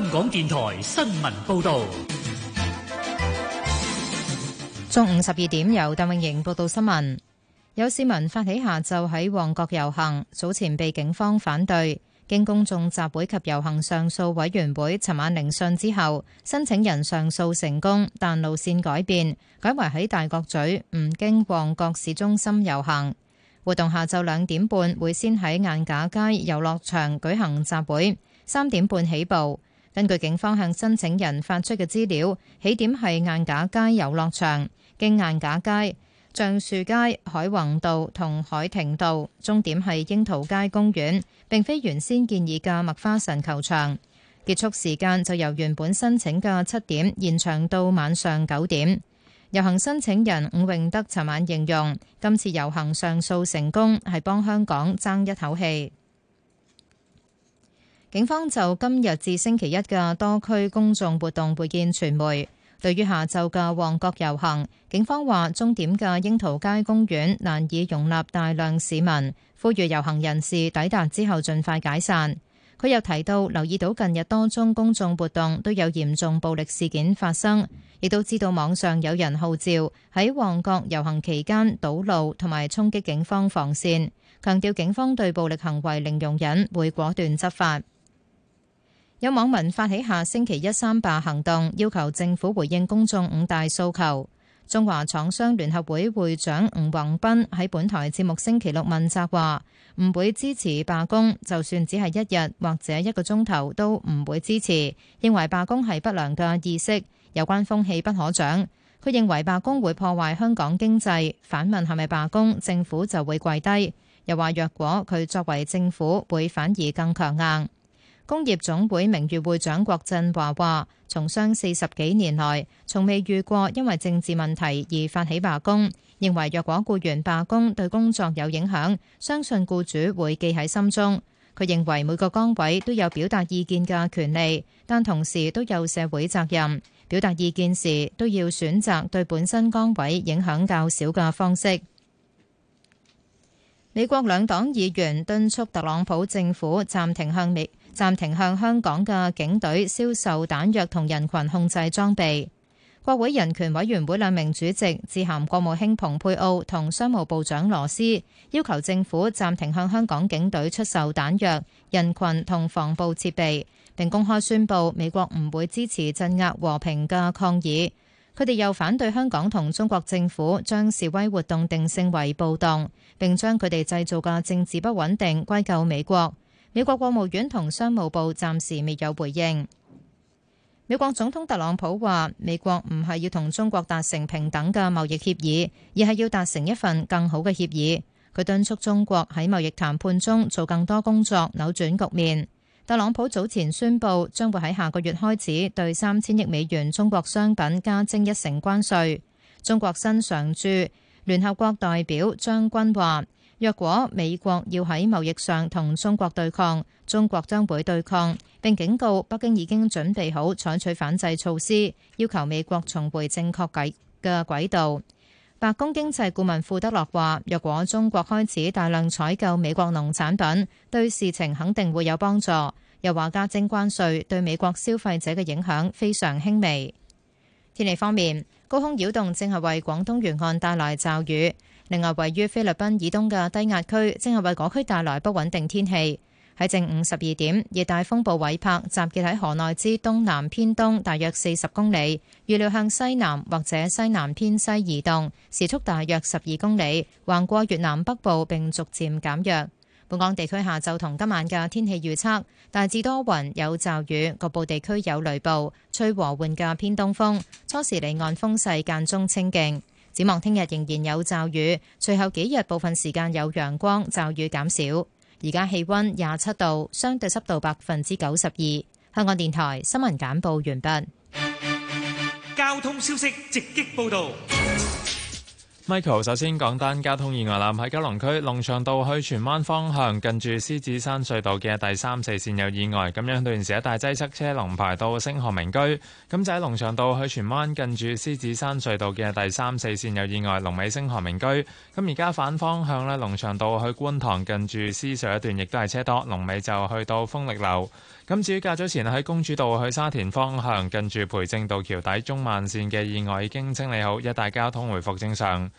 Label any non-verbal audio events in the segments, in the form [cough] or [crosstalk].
香港電台新聞報道：中午十二點，由鄧穎瑩報道新聞。有市民發起下晝喺旺角遊行，早前被警方反對。經公眾集會及遊行上訴委員會尋晚聆訊之後，申請人上訴成功，但路線改變，改為喺大角咀唔經旺角市中心遊行。活動下晝兩點半會先喺晏架街遊樂場舉行集會，三點半起步。根據警方向申請人發出嘅資料，起點係晏架街遊樂場，經晏架街、橡樹街、海泓道同海庭道，終點係櫻桃街公園，並非原先建議嘅麥花臣球場。結束時間就由原本申請嘅七點延長到晚上九點。遊行申請人伍永德尋晚形容，今次遊行上訴成功係幫香港爭一口氣。警方就今日至星期一嘅多區公眾活動會見傳媒。對於下晝嘅旺角遊行，警方話終點嘅櫻桃街公園難以容納大量市民，呼籲遊行人士抵達之後盡快解散。佢又提到，留意到近日多宗公眾活動都有嚴重暴力事件發生，亦都知道網上有人號召喺旺角遊行期間堵路同埋衝擊警方防線，強調警方對暴力行為零容忍，會果斷執法。有網民發起下星期一三罷行動，要求政府回應公眾五大訴求。中華廠商聯合會會長吳宏斌喺本台節目星期六問責話：唔會支持罷工，就算只係一日或者一個鐘頭都唔會支持。認為罷工係不良嘅意識，有關風氣不可長。佢認為罷工會破壞香港經濟。反問係咪罷工，政府就會跪低。又話若果佢作為政府，會反而更強硬。工業總會名譽會長郭振華話，從商四十幾年來，從未遇過因為政治問題而發起罷工。認為若果僱員罷工對工作有影響，相信僱主會記喺心中。佢認為每個崗位都有表達意見嘅權利，但同時都有社會責任。表達意見時都要選擇對本身崗位影響較少嘅方式。美國兩黨議員敦促特朗普政府暫停向美。暫停向香港嘅警隊銷售彈藥同人群控制裝備。國會人權委員會兩名主席，致函國務卿蓬佩奧同商務部長羅斯要求政府暫停向香港警隊出售彈藥、人群同防暴設備，並公開宣布美國唔會支持鎮壓和平嘅抗議。佢哋又反對香港同中國政府將示威活動定性為暴動，並將佢哋製造嘅政治不穩定歸咎美國。美國國務院同商務部暫時未有回應。美國總統特朗普話：美國唔係要同中國達成平等嘅貿易協議，而係要達成一份更好嘅協議。佢敦促中國喺貿易談判中做更多工作，扭轉局面。特朗普早前宣布，將會喺下個月開始對三千億美元中國商品加徵一成關稅。中國新常駐聯合國代表張軍話。若果美國要喺貿易上同中國對抗，中國將會對抗，並警告北京已經準備好採取反制措施，要求美國重回正確軌嘅軌道。白宮經濟顧問庫德洛話：若果中國開始大量採購美國農產品，對事情肯定會有幫助。又話加徵關稅對美國消費者嘅影響非常輕微。天氣方面，高空擾動正係為廣東沿岸帶來驟雨。另外，位於菲律賓以東嘅低壓區，正係為嗰區帶來不穩定天氣。喺正午十二點，熱帶風暴韋帕集結喺河內之東南偏東，大約四十公里，預料向西南或者西南偏西移動，時速大約十二公里，橫過越南北部並逐漸減弱。本港地區下晝同今晚嘅天氣預測大致多雲有驟雨，局部地區有雷暴，吹和緩嘅偏東風，初時離岸風勢間中清勁。展望聽日仍然有驟雨，最後幾日部分時間有陽光，驟雨減少。而家氣温廿七度，相對濕度百分之九十二。香港電台新聞簡報完畢。交通消息直擊報道。」Michael 首先講單交通意外啦，喺九龍區龍翔道去荃灣方向，近住獅子山隧道嘅第三四線有意外，咁樣那段時車車，一大擠塞，車龍排到星河明居。咁就喺龍翔道去荃灣近住獅子山隧道嘅第三四線有意外，龍尾星河明居。咁而家反方向咧，龍翔道去觀塘近住獅子上一段，亦都係車多，龍尾就去到豐力樓。咁至於較早前喺公主道去沙田方向，近住培正道橋底中慢線嘅意外已經清理好，一帶交通回復正常。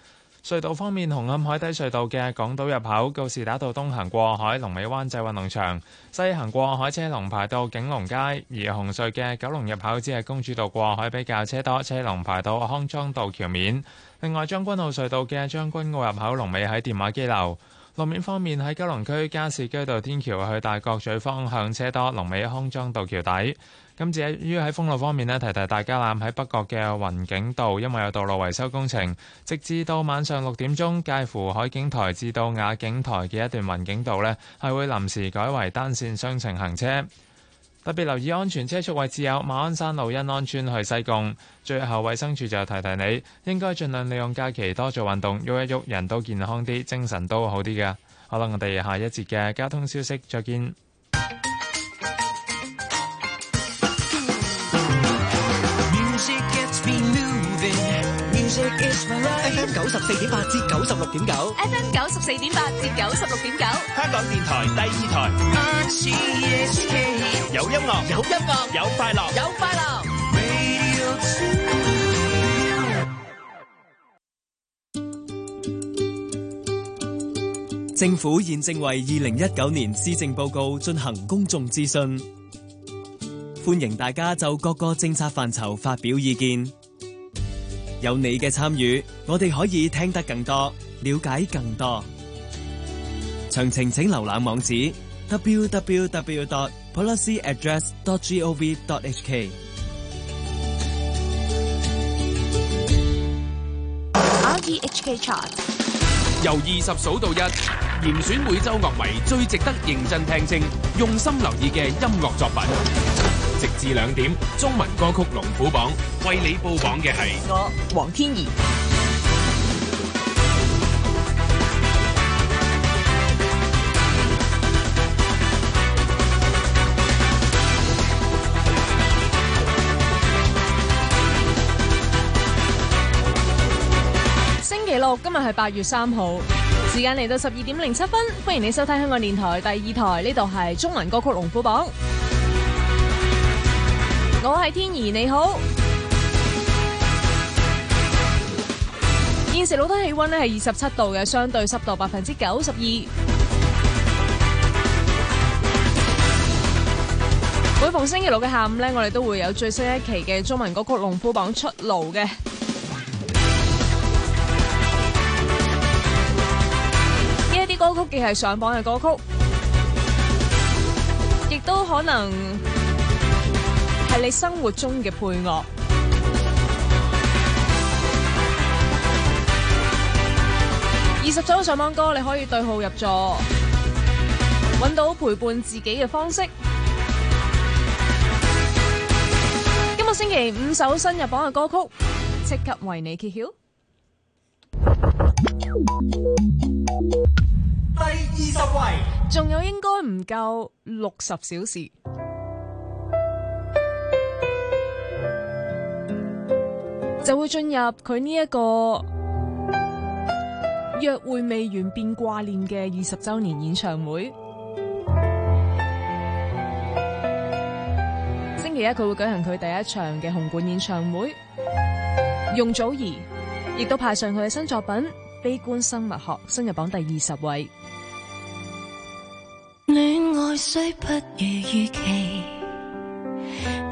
隧道方面，紅磡海底隧道嘅港島入口告士打道東行過海，龍尾灣仔運動場西行過海車龍排到景隆街；而紅隧嘅九龍入口只係公主道過海比較車多，車龍排到康莊道橋面。另外，將軍澳隧道嘅將軍澳入口龍尾喺電話機樓。路面方面喺九龍區加士居道天橋去大角咀方向車多，龍尾康莊道橋底。今次喺於喺封路方面呢，提提大家，喺北角嘅雲景道，因為有道路維修工程，直至到晚上六點鐘，介乎海景台至到雅景台嘅一段雲景道呢係會臨時改為單線雙程行車。特別留意安全車速位置，有馬鞍山路欣安村，去西貢。最後衛生處就提提你，應該盡量利用假期多做運動，喐一喐人都健康啲，精神都好啲嘅。好啦，我哋下一節嘅交通消息再見。FM 九十四點八至九十六點九，FM 九十四點八至九十六點九，香港電台第二台。有音樂，有音樂，有快樂，有快樂。政府現正為二零一九年施政報告進行公眾諮詢，歡迎大家就各個政策範疇發表意見。有你嘅參與，我哋可以聽得更多，了解更多。詳情請瀏覽網址 www.policyaddress.gov.hk. RTHK Chart 由二十數到一，嚴選每周樂迷最值得認真聽清、用心留意嘅音樂作品。直至兩點，中文歌曲龍虎榜為你報榜嘅係我黃天怡。星期六，今日係八月三號，時間嚟到十二點零七分，歡迎你收聽香港電台第二台，呢度係中文歌曲龍虎榜。我係天怡，你好。現時錄得氣溫咧係二十七度嘅，相對濕度百分之九十二。每逢星期六嘅下午呢，我哋都會有最新一期嘅中文歌曲龍虎榜出爐嘅。呢一啲歌曲既係上榜嘅歌曲，亦都可能。係你生活中嘅配樂。二十首上榜歌，你可以對號入座，搵到陪伴自己嘅方式。今個星期五首新入榜嘅歌曲，即刻為你揭曉。第二十位，仲有應該唔夠六十小時。就會進入佢呢一個約會未完變掛念嘅二十周年演唱會。星期一佢會舉行佢第一場嘅紅館演唱會。容祖兒亦都派上佢嘅新作品《悲觀生物學》，新入榜第二十位。戀愛雖不如預期。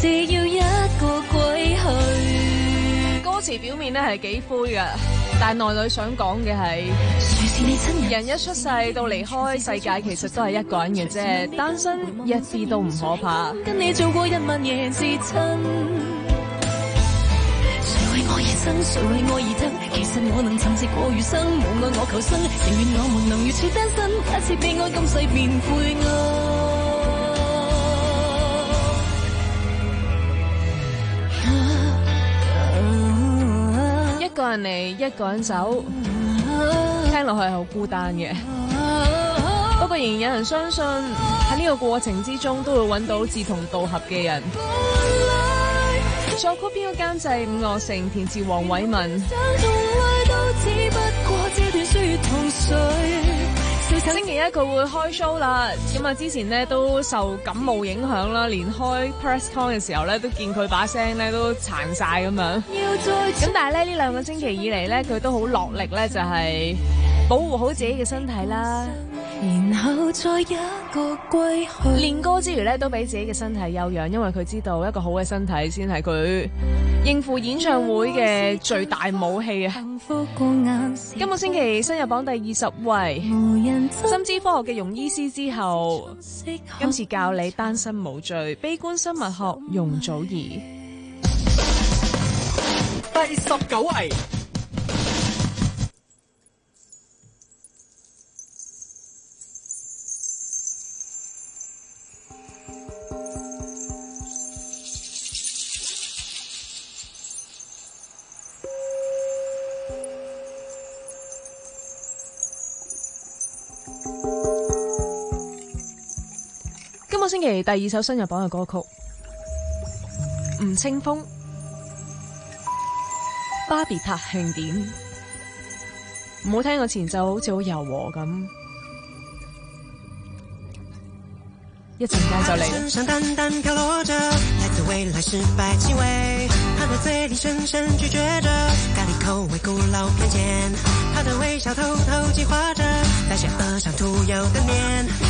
只要一個鬼去，歌詞表面咧，係幾灰噶但內裏想講嘅，係誰是你親人，一出世到離開世界，其實都係一個人嘅啫，單身一啲都唔可怕。跟你做過一萬夜至親，誰為我而生，誰為我而等？其實我能沉寂過餘生，無愛我求生，寧願我們能如此單身，一次悲哀今世便悔暗。你一個人走，聽落去係好孤單嘅。不過仍然有人相信喺呢個過程之中都會揾到志同道合嘅人。作曲、邊個監製伍樂城，填詞黃偉文。星期一佢會開 show 啦，咁啊之前咧都受感冒影響啦，連開 press con 嘅時候咧都見佢把聲咧都殘晒咁樣。咁但係咧呢兩個星期以嚟咧，佢都好落力咧，就係保護好自己嘅身體啦。然後再一個歸去練歌之餘咧，都俾自己嘅身體休養，因為佢知道一個好嘅身體先係佢。應付演唱會嘅最大武器啊！今個星期新入榜第二十位，心知科學嘅容醫師之後，今次教你單身無罪，悲觀生物學容祖兒，第十九位。星期第二首新入榜嘅歌曲，吳青峰《巴別塔慶典》。唔好聽個前奏，好似好柔和咁，一陣間就嚟啦。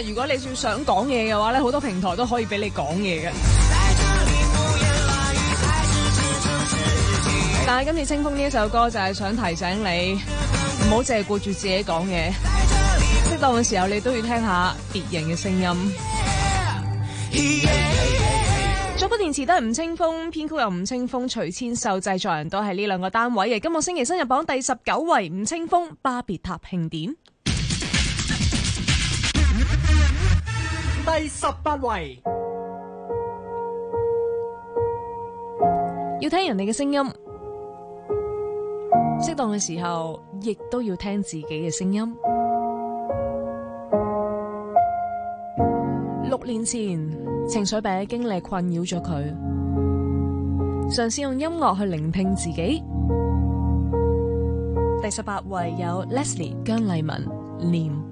如果你要想講嘢嘅話咧，好多平台都可以俾你講嘢嘅。但係今次《清風》呢一首歌就係想提醒你，唔好淨係顧住自己講嘢，適當嘅時候你都要聽下別人嘅聲音。作曲、填詞都係吳青峰，編曲又吳青峰、徐千秀製作人都係呢兩個單位嘅。今個星期新入榜第十九位，吳青峰，《巴別塔慶典》。第十八位，要聽人哋嘅聲音，適當嘅時候亦都要聽自己嘅聲音。六年前，情緒病嘅經歷困擾咗佢，嘗試用音樂去聆聽自己。第十八位有 Leslie 姜麗文念。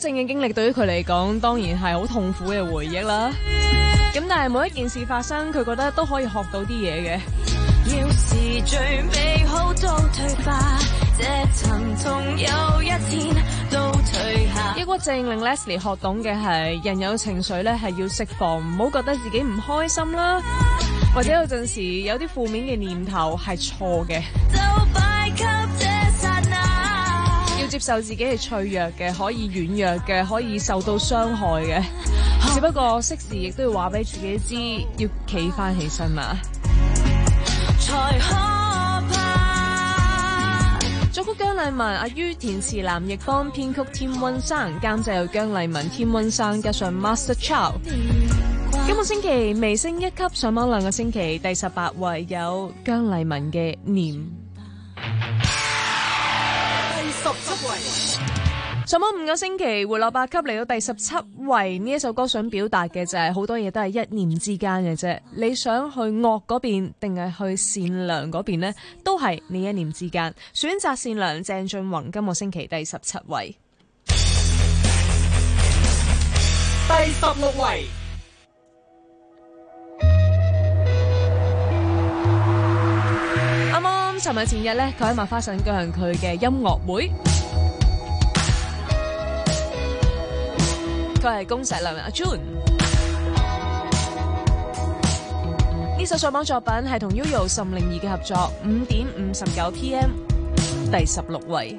正嘅經歷對於佢嚟講，當然係好痛苦嘅回憶啦。咁但係每一件事發生，佢覺得都可以學到啲嘢嘅。一天都退下抑鬱症令 Leslie 學懂嘅係，人有情緒咧，係要釋放，唔好覺得自己唔開心啦。或者有陣時有啲負面嘅念頭係錯嘅。接受自己係脆弱嘅，可以軟弱嘅，可以受到傷害嘅。只不過適時亦都要話俾自己知，要企翻起身嘛。作曲可姜麗文，阿於填詞，藍奕邦編曲，Tim 溫生監製，有姜麗文、Tim 溫生加上 Master Chow。輪今個星期微升一級，上網兩個星期第十八位，有姜麗文嘅《念》。上咗五個星期，回落八級嚟到第十七位。呢一首歌想表達嘅就係、是、好多嘢都係一念之間嘅啫。你想去惡嗰邊定係去善良嗰邊呢？都係你一念之間選擇善良。鄭俊弘今個星期第十七位，第十六位。啱啱尋日前日呢，佢喺麥花臣舉行佢嘅音樂會。佢係恭碩良阿 June，呢、嗯嗯、首上榜作品係同 Yoyo 岑寧兒嘅合作《五點五十九 PM》，第十六位。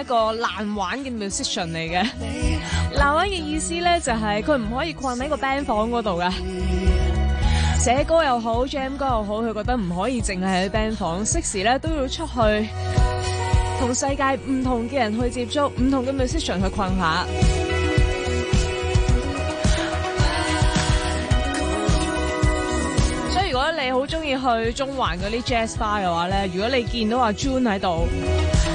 一個難玩嘅 musician 嚟嘅，難玩嘅意思咧就係佢唔可以困喺個 band 房嗰度㗎，寫歌又好 [music] ，jam 歌又好，佢覺得唔可以淨係喺 band 房，適時咧都要出去，同世界唔同嘅人去接觸，唔同嘅 musician 去困下。 [music] 所以如果你好中意去中環嗰啲 jazz bar 嘅話咧，如果你見到阿 June 喺度。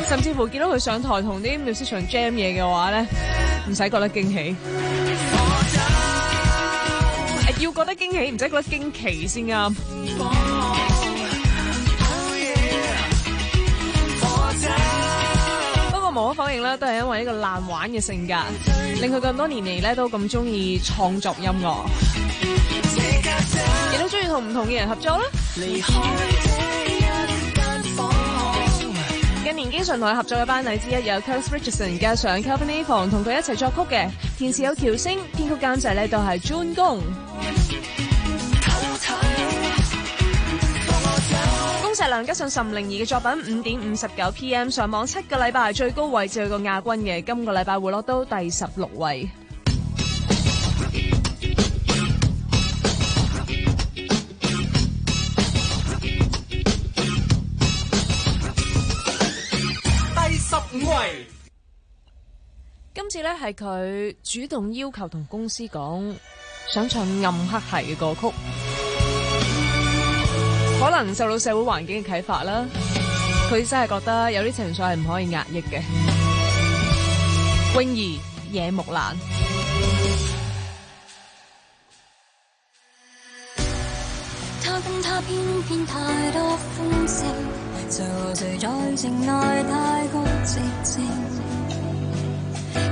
甚至乎見到佢上台同啲 musician jam 嘢嘅話咧，唔使覺得驚喜，要覺得驚喜唔使覺得驚奇先啱。不過無可否認咧，都係因為呢個爛玩嘅性格，令佢咁多年嚟咧都咁中意創作音樂，亦都中意同唔同嘅人合作啦。年經常同佢合作嘅班底之一有 Cousins Richardson 加上 Company 房，同佢一齊作曲嘅。填詞有喬星，編曲監製呢都係專攻。恭碩良加上岑寧兒嘅作品五點五十九 PM 上網七個禮拜最高位置去到亞軍嘅，今個禮拜回落到第十六位。今次呢，係佢主動要求同公司講，想唱暗黑系嘅歌曲，可能受到社會環境嘅啟發啦。佢真係覺得有啲情緒係唔可以壓抑嘅。泳兒，野木蘭。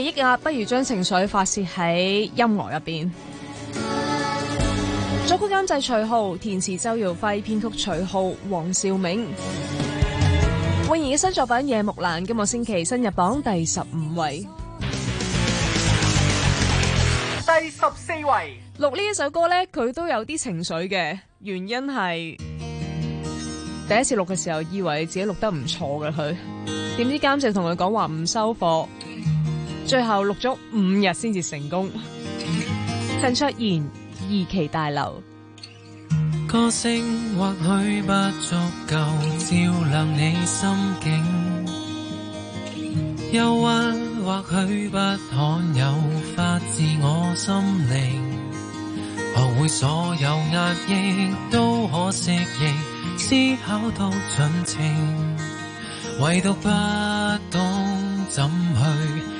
壓抑，不如將情緒發洩喺音樂入邊。《作曲監製徐浩，填詞周耀輝，編曲徐浩，黃兆銘》。魏怡嘅新作品《夜木蘭》今個星期新入榜第十五位，第十四位。錄呢一首歌呢，佢都有啲情緒嘅原因係第一次錄嘅時候，以為自己錄得唔錯嘅佢，點知監制同佢講話唔收貨。最後錄咗五日先至成功。陳出賢二期大樓。歌聲或許不足夠照亮你心境，憂鬱或許不罕有發自我心靈，學會所有壓抑都可適應，思考到盡情，唯獨不懂怎去。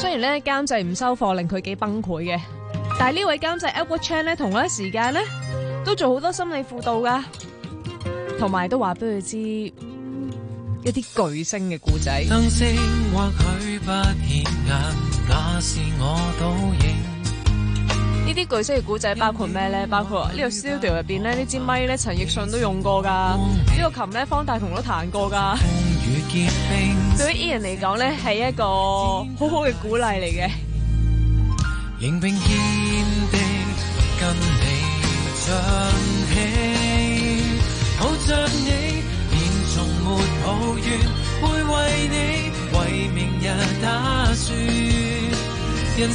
雖然咧監製唔收貨，令佢幾崩潰嘅，但係呢位監製 Albert Chan 咧，同一時間咧都做好多心理輔導噶同埋都話俾佢知一啲巨星嘅故仔。呢啲巨星嘅古仔包括咩咧？包括個呢個 studio 入邊咧，呢支咪咧陳奕迅都用過噶，呢個琴咧方大同都彈過噶。對於依人嚟講咧，係一個好勵好嘅鼓勵嚟嘅。跟你你你日打算人少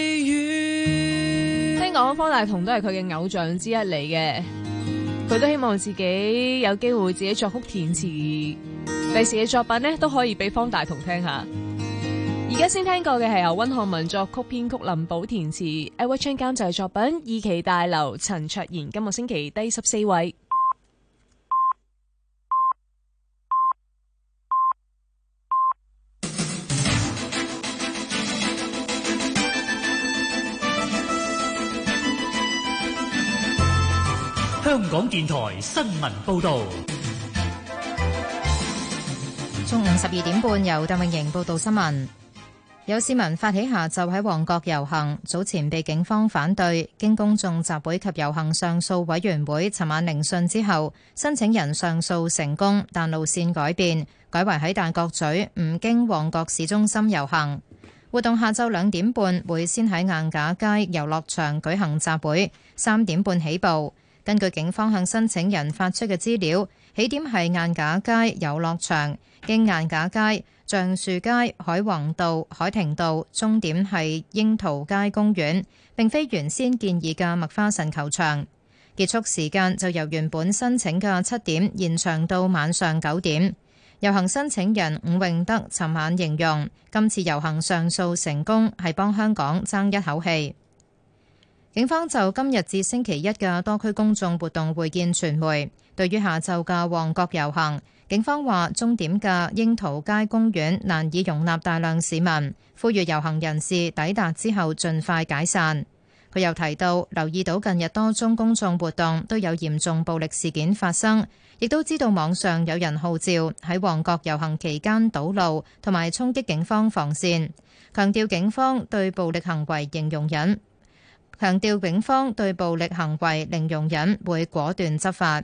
方大同都係佢嘅偶像之一嚟嘅，佢都希望自己有機會自己作曲填詞，第時嘅作品呢都可以俾方大同聽下。而家先聽過嘅係由溫漢文作曲編曲林寶填詞 e w i t c h i n 監製作品《二期大樓》，陳妍，陳卓賢今個星期第十四位。港電台新聞報道，中午十二點半由鄧穎瑩報道新聞。有市民發起下晝喺旺角遊行，早前被警方反對。經公眾集會及遊行上訴委員會尋晚聆訊之後，申請人上訴成功，但路線改變，改為喺大角咀，唔經旺角市中心遊行。活動下晝兩點半會先喺晏架街遊樂場舉行集會，三點半起步。根據警方向申請人發出嘅資料，起點係晏架街遊樂場，經晏架街、橡樹街、海泓道、海庭道，終點係櫻桃街公園。並非原先建議嘅麥花臣球場。結束時間就由原本申請嘅七點延長到晚上九點。遊行申請人伍永德尋晚形容，今次遊行上訴成功係幫香港爭一口氣。警方就今日至星期一嘅多區公眾活動會見傳媒，對於下晝嘅旺角遊行，警方話終點嘅櫻桃街公園難以容納大量市民，呼籲遊行人士抵達之後盡快解散。佢又提到，留意到近日多宗公眾活動都有嚴重暴力事件發生，亦都知道網上有人號召喺旺角遊行期間堵路同埋衝擊警方防線，強調警方對暴力行為零容忍。強調警方對暴力行為零容忍，會果斷執法。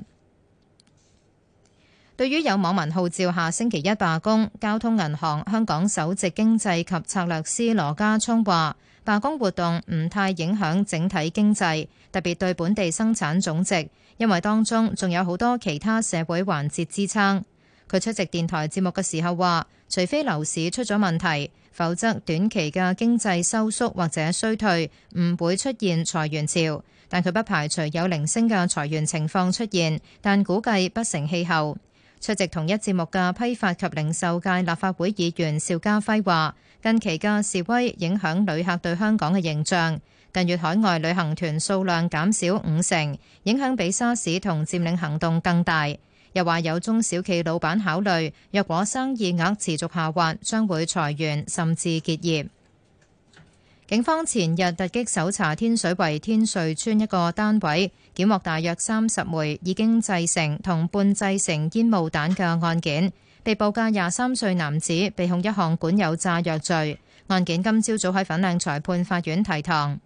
對於有網民號召下星期一罷工，交通銀行香港首席經濟及策略師羅家聰話：罷工活動唔太影響整體經濟，特別對本地生產總值，因為當中仲有好多其他社會環節支撐。佢出席電台節目嘅時候話：除非樓市出咗問題。否則短期嘅經濟收縮或者衰退唔會出現裁員潮，但佢不排除有零星嘅裁員情況出現，但估計不成氣候。出席同一節目嘅批發及零售界立法會議員邵家輝話：近期嘅示威影響旅客對香港嘅形象，近月海外旅行團數量減少五成，影響比沙士同佔領行動更大。又話有中小企老闆考慮，若果生意額持續下滑，將會裁員甚至結業。警方前日突擊搜查天水圍天瑞邨一個單位，檢獲大約三十枚已經製成同半製成煙霧彈嘅案件。被捕嘅廿三歲男子被控一項管有炸藥罪。案件今朝早喺粉嶺裁判法院提堂，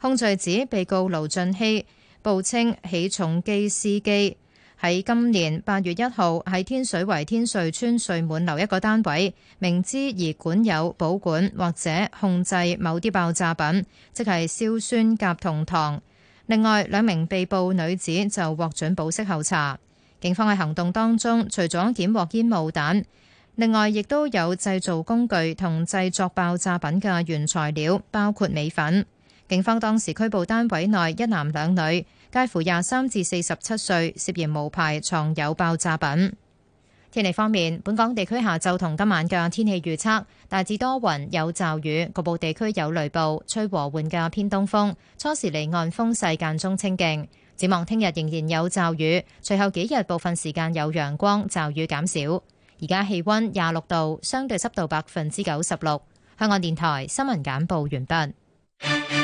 控罪指被告盧俊熙報稱起重機司機。喺今年八月一號喺天水圍天瑞邨瑞滿樓一個單位，明知而管有保管或者控制某啲爆炸品，即係硝酸甲酮糖，糖。另外兩名被捕女子就獲准保釋候查。警方喺行動當中，除咗檢獲煙霧彈，另外亦都有製造工具同製作爆炸品嘅原材料，包括米粉。警方當時拘捕單位內一男兩女。介乎廿三至四十七歲，涉嫌無牌，藏有爆炸品。天氣方面，本港地區下晝同今晚嘅天氣預測大致多雲有驟雨，局部地區有雷暴，吹和緩嘅偏東風。初時離岸風勢間中清勁。展望聽日仍然有驟雨，隨後幾日部分時間有陽光，驟雨減少。而家氣温廿六度，相對濕度百分之九十六。香港電台新聞簡報完畢。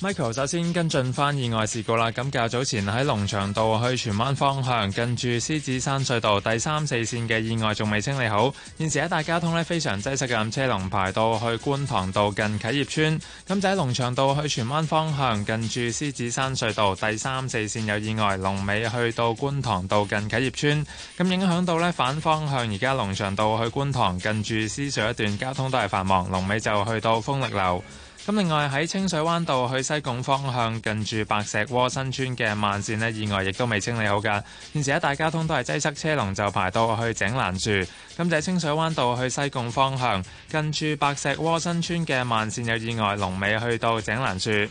Michael 首先跟進翻意外事故啦。咁較早前喺龍翔道去荃灣方向，近住獅子山隧道第三四線嘅意外仲未清理好，現時一帶交通呢，非常擠塞嘅，車龍排到去觀塘道近啟業村。咁就喺龍翔道去荃灣方向，近住獅子山隧道第三四線有意外，龍尾去到觀塘道近啟業村。咁影響到呢反方向場，而家龍翔道去觀塘近住獅隧一段交通都係繁忙，龍尾就去到豐力樓。咁另外喺清水灣道去西貢方向近住白石窩新村嘅慢綫呢，意外亦都未清理好噶。現時一帶交通都係擠塞車龍，車龍就排到去井欄樹。咁就喺清水灣道去西貢方向近住白石窩新村嘅慢綫有意外，龍尾去到井欄樹。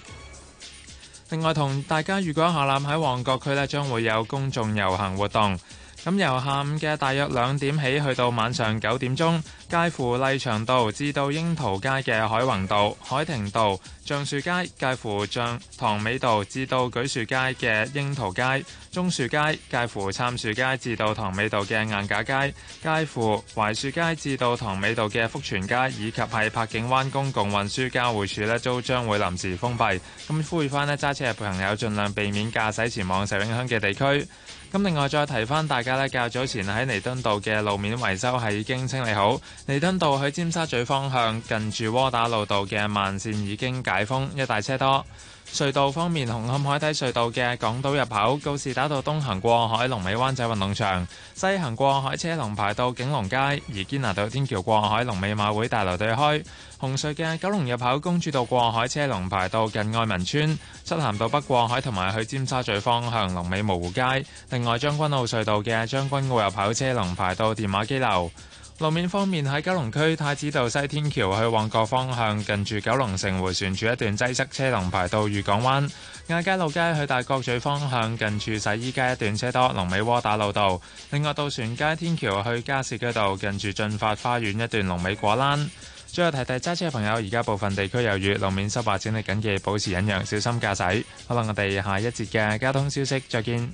另外同大家，如果下南喺旺角區呢，將會有公眾遊行活動。咁由下午嘅大約兩點起，去到晚上九點鐘，介乎麗翔道至到櫻桃街嘅海泓道、海庭道、橡樹街，介乎橡塘尾道至到舉樹街嘅櫻桃街、棕樹街，介乎杉樹街至到塘尾道嘅硬架街，介乎槐樹街至到塘尾道嘅福全街，以及喺柏景灣公共運輸交匯處咧，都將會臨時封閉，咁呼籲翻咧揸車嘅朋友，盡量避免駕駛前往受影響嘅地區。咁另外再提返大家呢，較早前喺彌敦道嘅路面維修係已經清理好，彌敦道去尖沙咀方向近住窩打老道嘅慢線已經解封，一大車多。隧道方面，紅磡海底隧道嘅港島入口告士打道東行過海，龍尾灣仔運動場；西行過海車龍排到景隆街，而堅拿道天橋過海龍尾馬會大樓對開。紅隧嘅九龍入口公主道過海車龍排到近愛民村，漆咸道北過海同埋去尖沙咀方向龍尾模糊街。另外，將軍澳隧道嘅將軍澳入口車龍排到電話機樓。路面方面喺九龍區太子道西天橋去旺角方向，近住九龍城回旋處一段擠塞車，車龍排到御港灣。亞皆老街去大角咀方向，近住洗衣街一段車多，龍尾窩打老道。另外，渡船街天橋去加士居道，近住駿發花園一段龍尾果欄。最後提提揸車嘅朋友，而家部分地區有雨，路面濕滑，請你緊記，保持忍讓，小心駕駛。好啦，我哋下一節嘅交通消息，再見。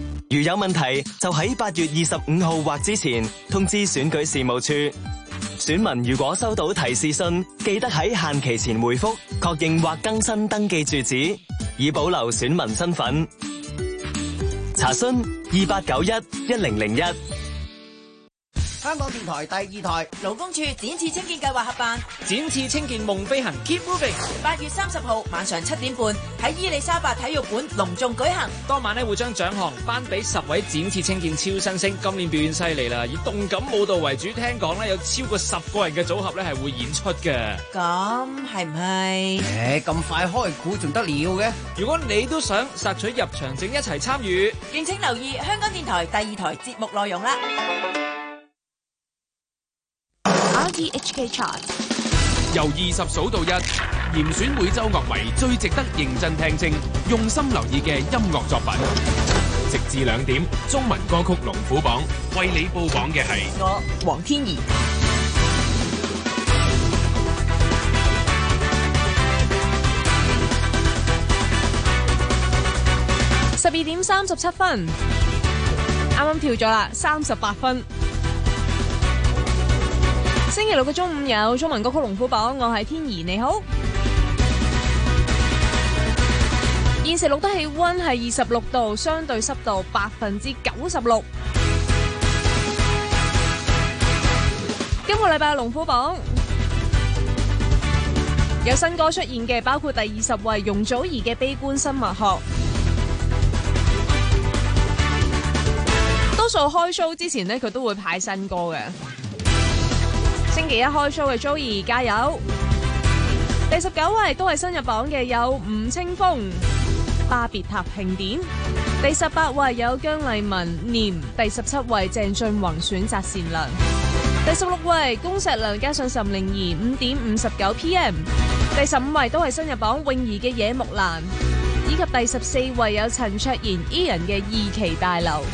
如有問題，就喺八月二十五號或之前通知選舉事務處。選民如果收到提示信，記得喺限期前回覆，確認或更新登記住址，以保留選民身份。查詢二八九一一零零一。香港電台第二台勞工處展翅青見計劃合辦展翅青見夢飛行 keep moving 八月三十號晚上七點半喺伊利沙伯體育館隆重舉行。當晚咧會將獎項頒俾十位展翅青見超新星，今年表演犀利啦，以動感舞蹈為主，聽講咧有超過十個人嘅組合咧係會演出嘅。咁係唔係誒咁快開估仲得了嘅？如果你都想索取入場證一齊參與，敬請留意香港電台第二台節目內容啦。T H K Chart 由二十數到一，嚴選每周樂迷最值得認真聽清、用心留意嘅音樂作品，直至兩點。中文歌曲龍虎榜為你報榜嘅係我黃天怡。十二點三十七分，啱啱跳咗啦，三十八分。星期六嘅中午有中文歌曲龍虎榜，我係天兒，你好。 [music] 現時錄得氣溫係二十六度，相對濕度百分之九十六。 [music] 今個禮拜嘅龍虎榜有新歌出現嘅，包括第二十位容祖兒嘅《悲觀生物學》。 [music] 多數開 show 之前咧，佢都會派新歌嘅。星期一開 show 嘅 Joey，加油。第十九位都係新入榜嘅，有吳青峰，巴別塔慶典。第十八位有姜麗文，念。第十七位鄭俊弘，選擇善良。第十六位恭碩良加上岑寧兒，五點五十九 pm。第十五位都係新入榜泳兒嘅野木蘭，以及第十四位有陳卓賢 Ian 嘅二期大樓。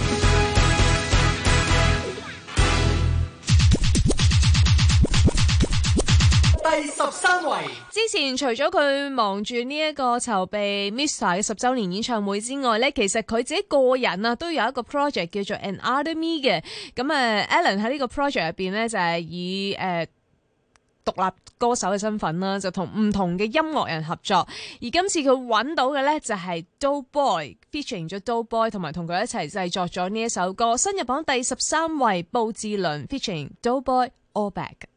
第十三位。之前除咗佢忙住呢一個籌備 Mr. 嘅十周年演唱會之外咧，其實佢自己個人啊，都有一個 project 叫做 An Other Me 嘅。咁啊、嗯、，Alan 喺呢個 project 入邊咧，就係以誒獨立歌手嘅身份啦，就同唔同嘅音樂人合作。而今次佢揾到嘅咧，就係 Doo Boy featuring 咗 Doo Boy，同埋同佢一齊製作咗呢一首歌。新入榜第十三位，布志倫 featuring Doo Boy All Back。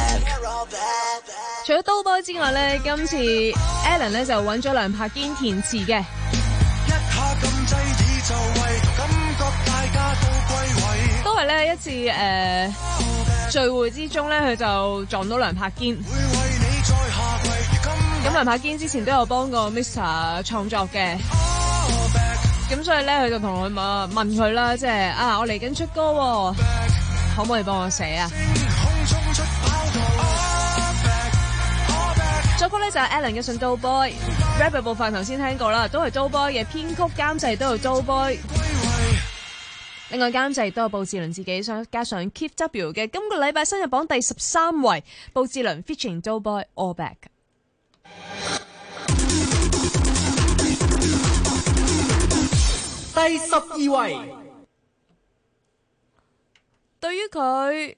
除咗刀波之外咧，今次 Alan 咧就揾咗梁柏堅填詞嘅，都位。係咧一次誒、呃、聚會之中咧，佢就撞到梁柏堅。咁梁柏堅之前都有幫過 Mr. 創作嘅，咁所以咧佢就同佢問佢啦，即係啊，我嚟緊出歌，可唔可以幫我寫啊？歌咧就係 Alan 嘅《Do Boy》，rap 的部分頭先聽過啦，都係 Do Boy 嘅編曲監製都係 Do Boy，話另外監製都係布志倫自己，想，加上 Keep W 嘅今個禮拜新入榜第十三位，布志倫 featuring Do Boy All Back， [music] 第十二位， [music] 對於佢。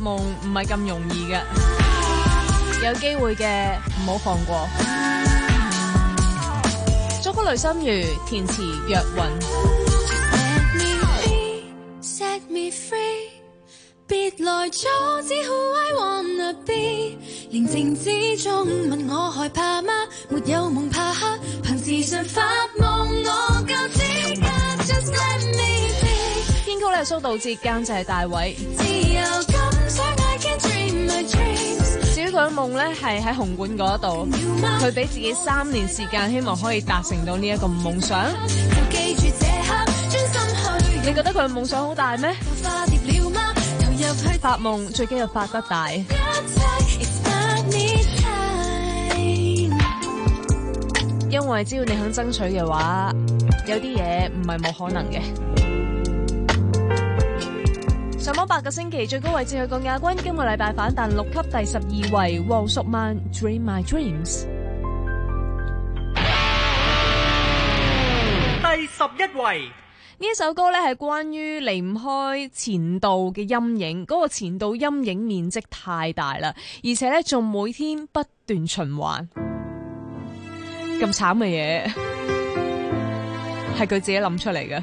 夢唔係咁容易嘅，有機會嘅唔好放過。作曲：雷心如，填詞：若云，Let me be, set me free，別來阻止，Who I wanna be。寧靜之中問我害怕嗎？沒有。叔導致監製就係大偉，至於佢嘅夢咧，係喺紅館嗰度，佢俾自己三年時間，希望可以達成到呢一個夢想。你覺得佢嘅夢想好大咩？發夢最緊要發得大，因為只要你肯爭取嘅話，有啲嘢唔係冇可能嘅。上網八個星期最高位置去過亞軍，今個禮拜反彈六級，第十二位。黃淑蔓《Dream My Dreams》。第十一位。呢一首歌咧係關於離唔開前度嘅陰影，嗰個前度陰影面積太大啦，而且咧仲每天不斷循環。咁慘嘅嘢係佢自己諗出嚟嘅。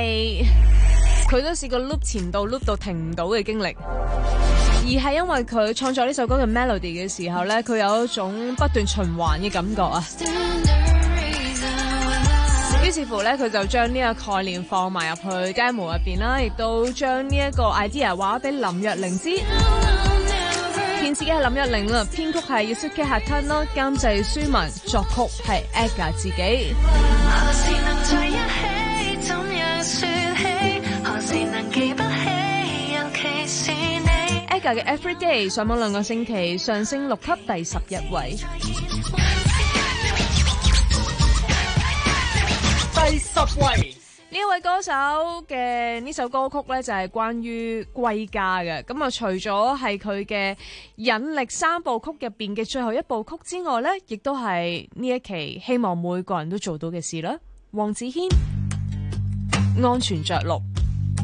係佢 [music] 都試過 loop 前到 loop 到停唔到嘅經歷，而係因為佢創作呢首歌嘅 melody 嘅時候呢，佢有一種不斷循環嘅感覺啊。於是乎呢，佢就將呢個概念放埋入去 demo 入邊啦，亦都將呢一個 idea 話俾林若寧知。填詞係林若寧啦，編曲係 Yosuke Hatano 咯，監製舒文，作曲係 AGA 自己，啊。嘅 Everyday 上網兩個星期，上升六級，第十一位，第十位呢位歌手嘅呢首歌曲呢，就係關於歸家嘅，咁啊除咗係佢嘅引力三部曲入邊嘅最後一部曲之外呢，亦都係呢一期希望每個人都做到嘅事啦。黃子軒，安全着陸。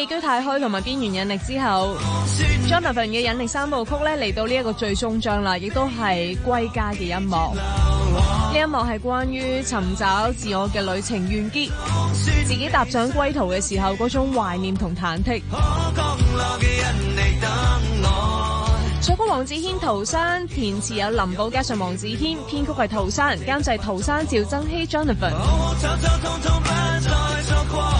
寄居太虛同埋邊緣引力之後 j o n a t h a n 嘅引力三部曲咧嚟到呢一個最終章啦，亦都係歸家嘅音樂。呢、啊、一幕係關於尋找自我嘅旅程完結，自己踏上歸途嘅時候嗰種懷念同忐忑。唱曲黃子軒，陶山填詞有林寶加上黃子軒編曲係陶山，監製陶山、趙增熹、j o n a t h a n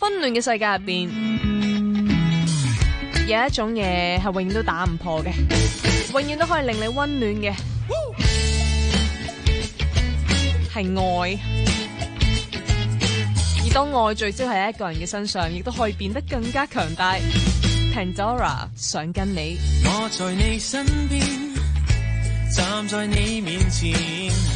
紛亂嘅世界入邊，有一種嘢係永遠都打唔破嘅，永遠都可以令你溫暖嘅，係愛。而當愛聚焦喺一個人嘅身上，亦都可以變得更加強大。Pandora，想跟你，我在你身邊，站在你面前。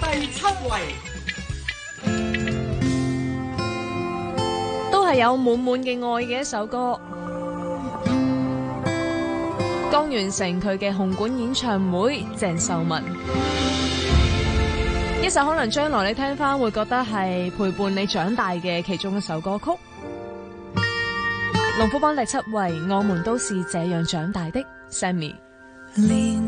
第七位，都係有滿滿嘅愛嘅一首歌。剛完成佢嘅紅館演唱會，鄭秀文，一首可能將來你聽返會覺得係陪伴你長大嘅其中一首歌曲。龍 [music] 虎榜第七位，我們都是這樣長大的，Sammy。 [music]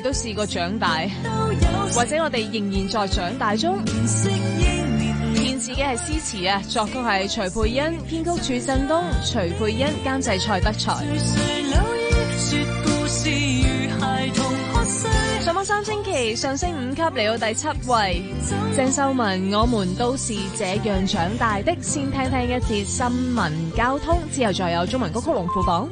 都試過長大，或者我哋仍然在長大中。填自己係詩詞啊，作曲係徐沛欣，編曲徐振東，徐沛欣監製蔡德才。隨隨上榜三星期上升五級，嚟到第七位。鄭秀文，我們都是這樣長大的。先聽聽一節新聞交通，之後再有中文歌曲龍虎榜。